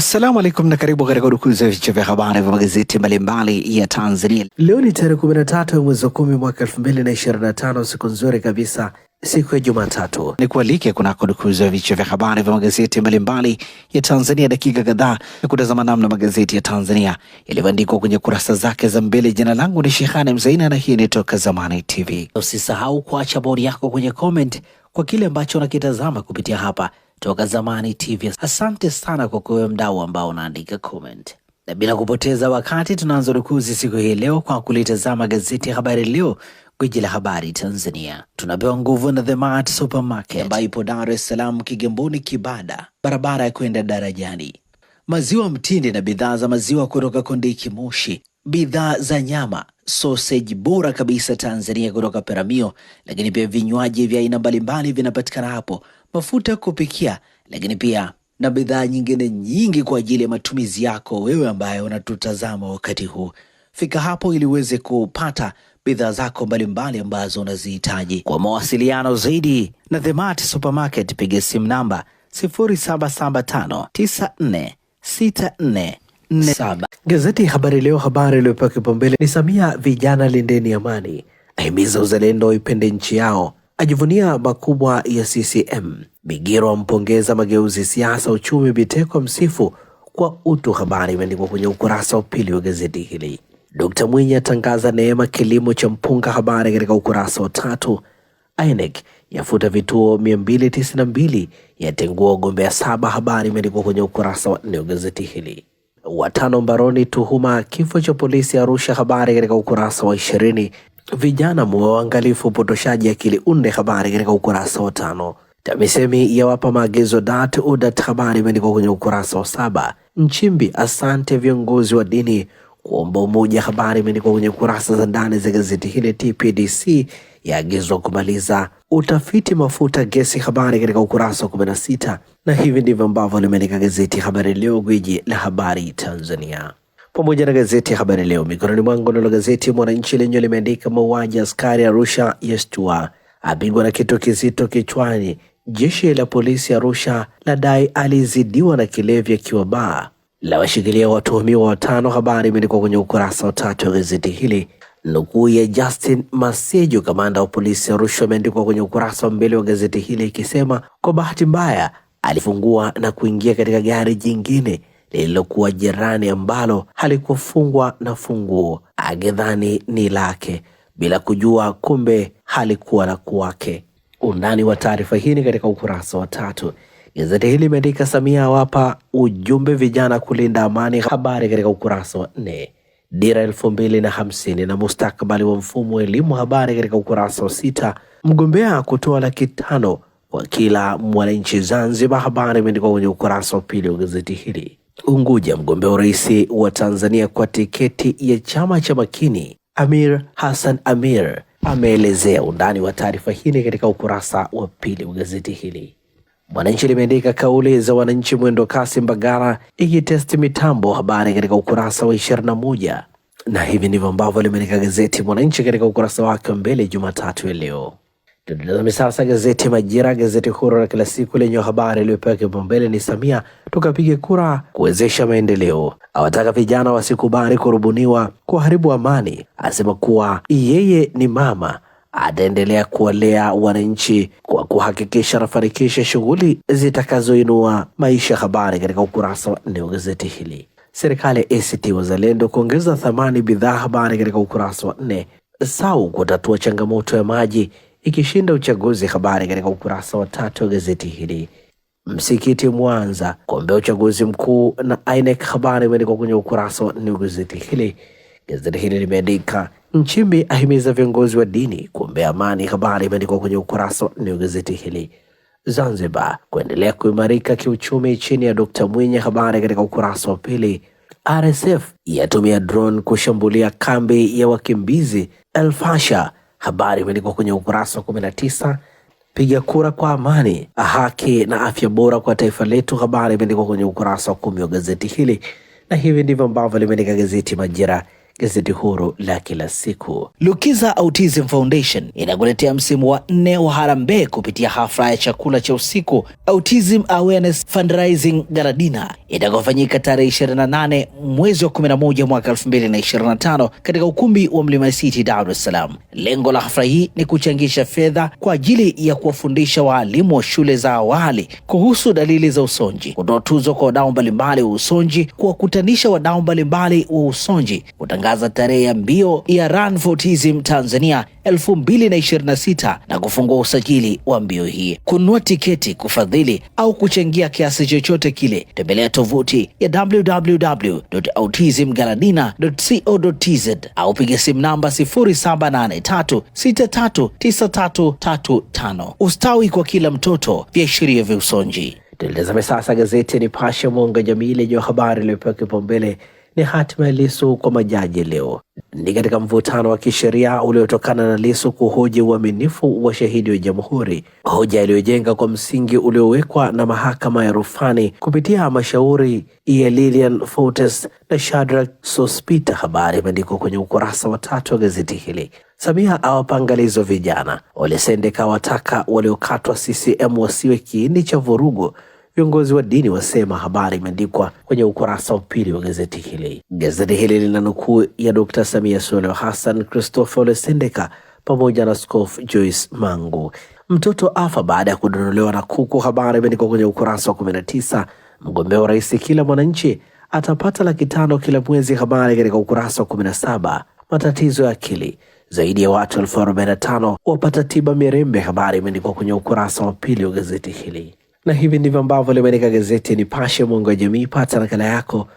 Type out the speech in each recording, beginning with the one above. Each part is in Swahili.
Assalamu alaikum na karibu katika udukuzi ya vichwa vya habari vya magazeti mbalimbali ya Tanzania. Leo ni tarehe 13 ya mwezi wa 10 mwaka 2025, siku nzuri kabisa, siku ya Jumatatu. Ni kualike kunako dukuzi ya vichwa vya habari vya magazeti mbalimbali ya Tanzania, dakika kadhaa ya kutazama namna magazeti ya Tanzania yalivyoandikwa kwenye kurasa zake za mbele. Jina langu ni Shehani Mzaina na hii ni Toka Zamani TV. Usisahau kuacha bodi yako kwenye comment kwa kile ambacho unakitazama kupitia hapa toka zamani TV. Asante sana kwa kuwe mdau ambao unaandika comment, na bila kupoteza wakati tunaanza rukuzi siku hii leo kwa kulitazama gazeti ya Habari Leo, gwiji la habari Tanzania. Tunapewa nguvu na The Mart Supermarket ambayo ipo Dar es Salaam, Kigamboni, Kibada, barabara ya kwenda darajani. Maziwa mtindi na bidhaa za maziwa kutoka Kondiki Moshi bidhaa za nyama, soseji bora kabisa Tanzania kutoka Peramio, lakini pia vinywaji vya aina mbalimbali vinapatikana hapo, mafuta kupikia, lakini pia na bidhaa nyingine nyingi kwa ajili ya matumizi yako wewe ambaye unatutazama wakati huu. Fika hapo ili uweze kupata bidhaa zako mbalimbali ambazo unazihitaji. Kwa mawasiliano zaidi na The Mart Supermarket, piga simu namba 0775946445. 47. Gazeti Habari Leo, habari iliyopewa kipaumbele ni Samia, vijana lindeni amani, ahimiza uzalendo, ipende nchi yao, ajivunia makubwa ya CCM. Migiro ampongeza mageuzi siasa, uchumi. Biteko msifu kwa utu. Habari imeandikwa kwenye ukurasa wa pili wa gazeti hili. Dkt Mwinyi atangaza neema kilimo cha mpunga, habari katika ukurasa wa tatu. INEC yafuta vituo 292 yatengua wagombea saba, habari imeandikwa kwenye ukurasa wa nne wa gazeti hili. Watano mbaroni tuhuma kifo cha polisi Arusha. Habari katika ukurasa wa ishirini. Vijana mwa waangalifu upotoshaji akili unde. Habari katika ukurasa wa tano. TAMISEMI yawapa maagizo dat udat. Habari imeandikwa kwenye ukurasa wa saba. Nchimbi asante viongozi wa dini kuomba umoja. Habari imeandikwa kwenye kurasa za ndani za gazeti hili TPDC yaagizwa kumaliza utafiti mafuta gesi. Habari katika ukurasa wa 16, na hivi ndivyo ambavyo limeandika gazeti Habari Leo, gwiji la habari Tanzania, pamoja na gazeti ya Habari Leo mikononi mwangu. Nalo gazeti Mwananchi lenye limeandika mauaji askari Arusha yashtua, apigwa na kitu kizito kichwani. Jeshi la polisi Arusha ladai alizidiwa na kilevi akiwa baa, lawashikilia watuhumiwa watano. Habari imeandikwa kwenye ukurasa wa tatu wa gazeti hili Nukuu ya Justin Masejo, kamanda wa polisi Arusha, ameandikwa kwenye ukurasa wa mbele wa gazeti hili ikisema, kwa bahati mbaya alifungua na kuingia katika gari jingine lililokuwa jirani ambalo halikufungwa na funguo, agedhani ni lake, bila kujua kumbe halikuwa la kwake. Undani wa taarifa hii ni katika ukurasa wa tatu. Gazeti hili limeandika Samia awapa ujumbe vijana kulinda amani, habari katika ukurasa wa nne dira elfu mbili na hamsini na mustakabali wa mfumo wa elimu habari katika ukurasa wa sita. Mgombea kutoa laki tano kwa kila mwananchi Zanzibar, habari imeandikwa kwenye ukurasa wa pili wa gazeti hili. Unguja, mgombea urais wa Tanzania kwa tiketi ya chama cha Makini Amir Hassan Amir ameelezea undani wa taarifa hii katika ukurasa wa pili wa gazeti hili. Mwananchi limeandika kauli za wananchi mwendo kasi Mbagala ikitesti mitambo, habari katika ukurasa wa ishirini na moja na hivi ndivyo ambavyo limeandika gazeti Mwananchi katika ukurasa wake mbele Jumatatu ya leo. Tutazame sasa gazeti Majira, gazeti huru la kila siku lenye habari iliyopewa kipaumbele ni Samia, tukapige kura kuwezesha maendeleo, awataka vijana wasikubali kurubuniwa kuharibu amani, asema kuwa yeye ni mama ataendelea kuwalea wananchi kwa kuhakikisha anafanikisha shughuli zitakazoinua maisha. Habari katika ukurasa wa nne wa gazeti hili. Serikali ya ACT Wazalendo kuongeza thamani bidhaa. Habari katika ukurasa wa nne. SAU kutatua changamoto ya maji ikishinda uchaguzi. Habari katika ukurasa wa tatu wa gazeti hili. Msikiti Mwanza kuombea uchaguzi mkuu na INEC. Habari imeandikwa kwenye ukurasa wa nne wa gazeti hili. Gazeti hili limeandika Nchimbi ahimiza viongozi wa dini tuombe amani. Habari imeandikwa kwenye ukurasa wa nne wa gazeti hili. Zanzibar kuendelea kuimarika kiuchumi chini ya Dkt Mwinyi, habari katika ukurasa wa pili. RSF yatumia drone kushambulia kambi ya wakimbizi Elfasha, habari imeandikwa kwenye ukurasa wa kumi na tisa. Piga kura kwa amani, haki na afya bora kwa taifa letu, habari imeandikwa kwenye ukurasa wa kumi wa gazeti hili, na hivi ndivyo ambavyo limeandika gazeti Majira gazeti huru la kila siku. Lukiza Autism Foundation inakuletea msimu wa nne wa harambee kupitia hafla ya chakula cha usiku Autism Awareness Fundraising Gala Dinner itakayofanyika tarehe 28 mwezi wa 11 mwaka 2025 katika ukumbi wa Mlima City, Dar es Salaam. Lengo la hafla hii ni kuchangisha fedha kwa ajili ya kuwafundisha waalimu wa shule za awali kuhusu dalili za usonji, kutoa tuzo kwa wadau mbalimbali wa usonji, kuwakutanisha wadau mbalimbali wa usonji, kutangaza kutangaza tarehe ya mbio ya Run for Autism Tanzania 2026 na kufungua usajili wa mbio hii. Kununua tiketi, kufadhili au kuchangia kiasi chochote kile, tembelea tovuti ya www.autismgaladina.co.tz au piga simu namba 0783639335. Ustawi kwa kila mtoto, viashiria vya usonji. Tulitazame sasa gazeti ya Nipashe mwanga jamii lenye habari iliyopewa kipaumbele ni hatima ya Lissu kwa majaji leo. Ni katika mvutano wa kisheria uliotokana na Lissu kuhoji uaminifu wa shahidi wa Jamhuri, hoja iliyojenga kwa msingi uliowekwa na mahakama ya rufani kupitia mashauri ya Lilian Fortes na Shadrack Sospita. Habari imeandikwa kwenye ukurasa wa tatu wa gazeti hili. Samia awapangalizo vijana. walisendeka wataka waliokatwa CCM wasiwe kiini cha vurugu viongozi wa dini wasema, habari imeandikwa kwenye ukurasa wa pili wa gazeti hili. Gazeti hili lina nukuu ya Dkt. Samia Suluhu Hassan, Christopher Lesendeka pamoja na Skof Joyce Mangu. Mtoto afa baada ya kudondolewa na kuku, habari imeandikwa kwenye ukurasa wa kumi tisa. Mgombea wa rais, kila mwananchi atapata laki tano kila mwezi, habari katika ukurasa wa saba. Matatizo ya akili zaidi ya watu elfu arobaini na tano wapata tiba Mirembe. Habari imeandikwa kwenye ukurasa wa pili wa gazeti hili na hivi ndivyo ambavyo limeandika gazeti Nipashe mwanga wa jamii. Pata nakala yako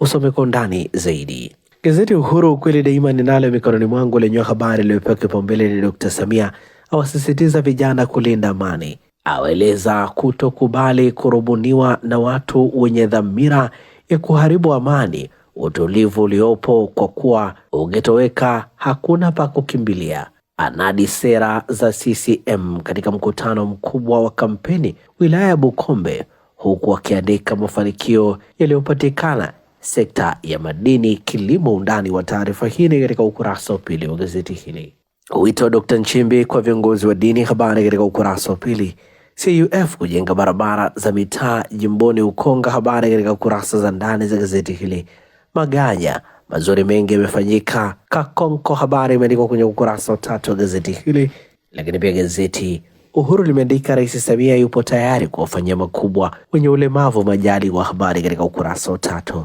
usome kwa undani zaidi. Gazeti Uhuru ukweli daima ninalo mikononi mwangu, lenye habari iliyopewa kipaumbele ni Dr. Samia awasisitiza vijana kulinda amani, awaeleza kutokubali kurubuniwa na watu wenye dhamira ya kuharibu amani, utulivu uliopo, kwa kuwa ungetoweka hakuna pa kukimbilia anadi sera za CCM katika mkutano mkubwa wa kampeni wilaya ya Bukombe, huku akiandika mafanikio yaliyopatikana sekta ya madini, kilimo. Undani wa taarifa hii katika ukurasa wa pili wa gazeti hili. Wito wa Dkt. Nchimbi kwa viongozi wa dini, habari katika ukurasa wa pili. CUF kujenga barabara za mitaa jimboni Ukonga, habari katika kurasa za ndani za gazeti hili. Maganya Mazuri mengi yamefanyika Kakonko, habari imeandikwa kwenye ukurasa wa tatu wa gazeti hili. Lakini pia gazeti Uhuru limeandika Rais Samia yupo tayari kuwafanyia makubwa wenye ulemavu majali wa habari katika ukurasa wa tatu.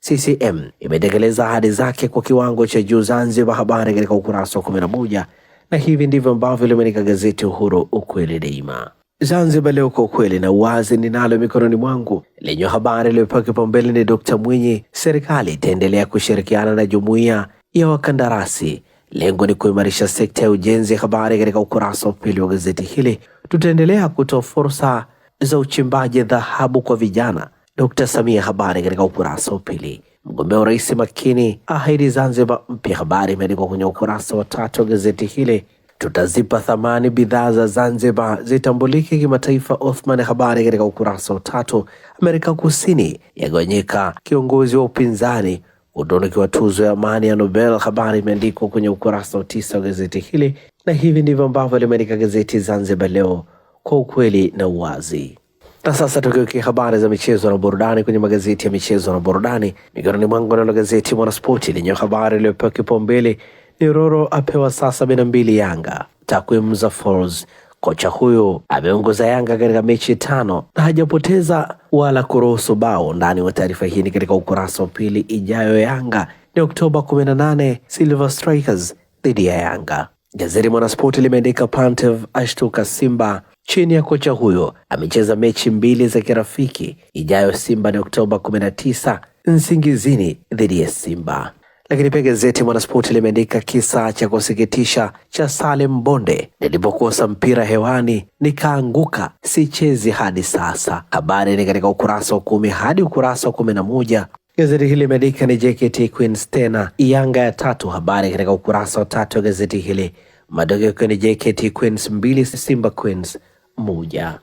CCM imetekeleza ahadi zake kwa kiwango cha juu Zanzibar, habari katika ukurasa wa kumi na moja na hivi ndivyo ambavyo limeandika gazeti Uhuru, ukweli daima. Zanzibar Leo kwa ukweli na uwazi ninalo mikononi mwangu lenye habari iliyopewa kipaumbele ni Dkt. Mwinyi, serikali itaendelea kushirikiana na jumuiya ya wakandarasi, lengo ni kuimarisha sekta ya ujenzi. Habari katika ukurasa wa pili wa gazeti hili. Tutaendelea kutoa fursa za uchimbaji dhahabu kwa vijana, Dkt. Samia. Habari katika ukurasa wa pili. Mgombea urais makini ahidi Zanzibar mpya. Habari imeandikwa kwenye ukurasa wa tatu wa gazeti hili tutazipa thamani bidhaa za Zanzibar zitambulike kimataifa. Othman habari katika ukurasa wa tatu. Amerika Kusini yagonyeka kiongozi wa upinzani kutunukiwa tuzo ya amani ya Nobel. Habari imeandikwa kwenye ukurasa wa tisa wa gazeti hili, na hivi ndivyo ambavyo limeandika gazeti Zanzibar Leo kwa ukweli na uwazi. Na sasa tukiwekia habari za michezo na burudani kwenye magazeti ya michezo na burudani, mikononi mwangu nalo gazeti Mwanaspoti lenye habari iliyopewa kipaumbele Iroro apewa saa sabini na mbili Yanga. Takwimu za Folz, kocha huyo ameongoza Yanga katika mechi tano na hajapoteza wala kuruhusu bao. Ndani wa taarifa hii ni katika ukurasa wa pili. Ijayo Yanga ni Oktoba 18 Silver Strikers dhidi ya Yanga. Gazeti Mwanaspoti limeandika Pantev ashtuka Simba chini ya kocha huyo, amecheza mechi mbili za kirafiki. Ijayo Simba ni Oktoba 19 Nsingizini dhidi ya Simba. Lakini pia gazeti Mwanaspoti limeandika kisa cha kusikitisha cha Salem Bonde, nilipokosa mpira hewani nikaanguka, sichezi hadi sasa. Habari ni katika ukurasa wa kumi hadi ukurasa wa kumi na moja. Gazeti hili limeandika ni JKT Queens tena Yanga ya tatu. Habari katika ukurasa wa tatu wa gazeti hili, matokeo ni JKT Queens mbili Simba Queens moja.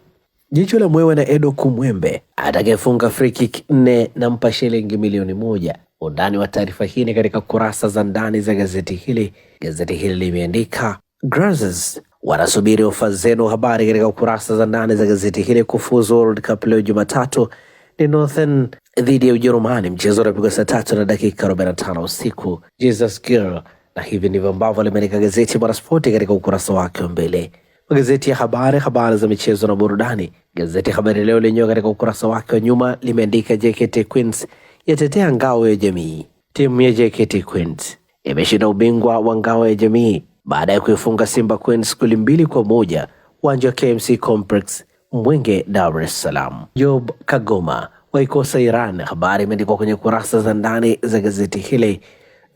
Jicho la mwewe na Edo Kumwembe atakayefunga free kick nne nampa shilingi milioni moja. Undani wa taarifa hii ni katika kurasa za ndani za gazeti hili. Gazeti hili limeandika Grazers wanasubiri ofa zenu. Habari katika kurasa za ndani za gazeti hili. Kufuzu World Cup leo Jumatatu ni Northern dhidi ya Ujerumani, mchezo unapigwa saa tatu na dakika 45 usiku. Jesus Girl. Na hivi ndivyo ambavyo limeandika gazeti Mwanaspoti katika ukurasa wake wa mbele. Magazeti ya habari, habari za michezo na burudani. Gazeti Habari Leo lenyewe katika ukurasa wake wa nyuma limeandika JKT Queens yatetea ngao ya jamii. Timu ya JKT Queens imeshinda ubingwa wa ngao ya jamii baada ya kuifunga Simba Queens goli mbili kwa moja uwanja wa KMC Complex Mwenge, Dar es Salaam. Job Kagoma waikosa Iran. Habari imeandikwa kwenye kurasa za ndani za gazeti hili.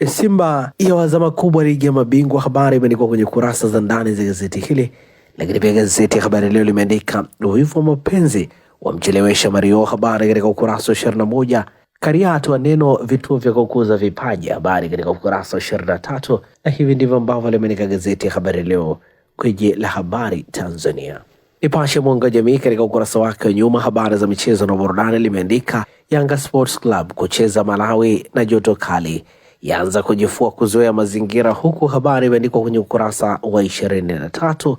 Simba ya wazama kubwa ligi ya mabingwa. Habari imeandikwa kwenye kurasa za ndani za gazeti hili, lakini pia gazeti ya Habari Leo limeandika wivu wa mapenzi wamchelewesha Mario. Habari katika ukurasa wa ishirini na moja Karia atoa neno vituo vya kukuza vipaji, habari katika ukurasa wa ishirini na tatu. Na hivi ndivyo ambavyo limeandika gazeti ya Habari Leo, gwiji la habari Tanzania. Nipashe Mwanga Jamii katika ukurasa wake wa nyuma, habari za michezo na burudani, limeandika Yanga Sports Club kucheza Malawi na joto kali yaanza kujifua kuzoea mazingira, huku habari imeandikwa kwenye ukurasa wa ishirini na tatu.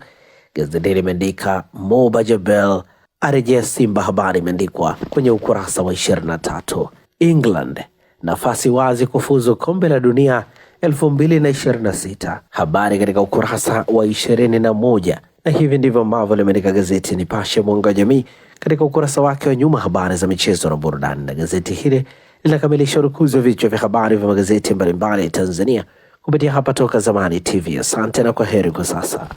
Gazeti limeandika Mo Bajabel arejea Simba, habari imeandikwa kwenye ukurasa wa ishirini na tatu. England nafasi wazi kufuzu kombe la dunia 2026. Habari katika ukurasa wa 21, na na hivi ndivyo ambavyo limeandika gazeti Nipashe mwanga wa jamii katika ukurasa wake wa nyuma, habari za michezo na burudani. Na gazeti hili linakamilisha urukuzi wa vichwa vya habari vya magazeti mbalimbali ya Tanzania kupitia hapa Toka Zamani TV. Asante na kwa heri kwa sasa.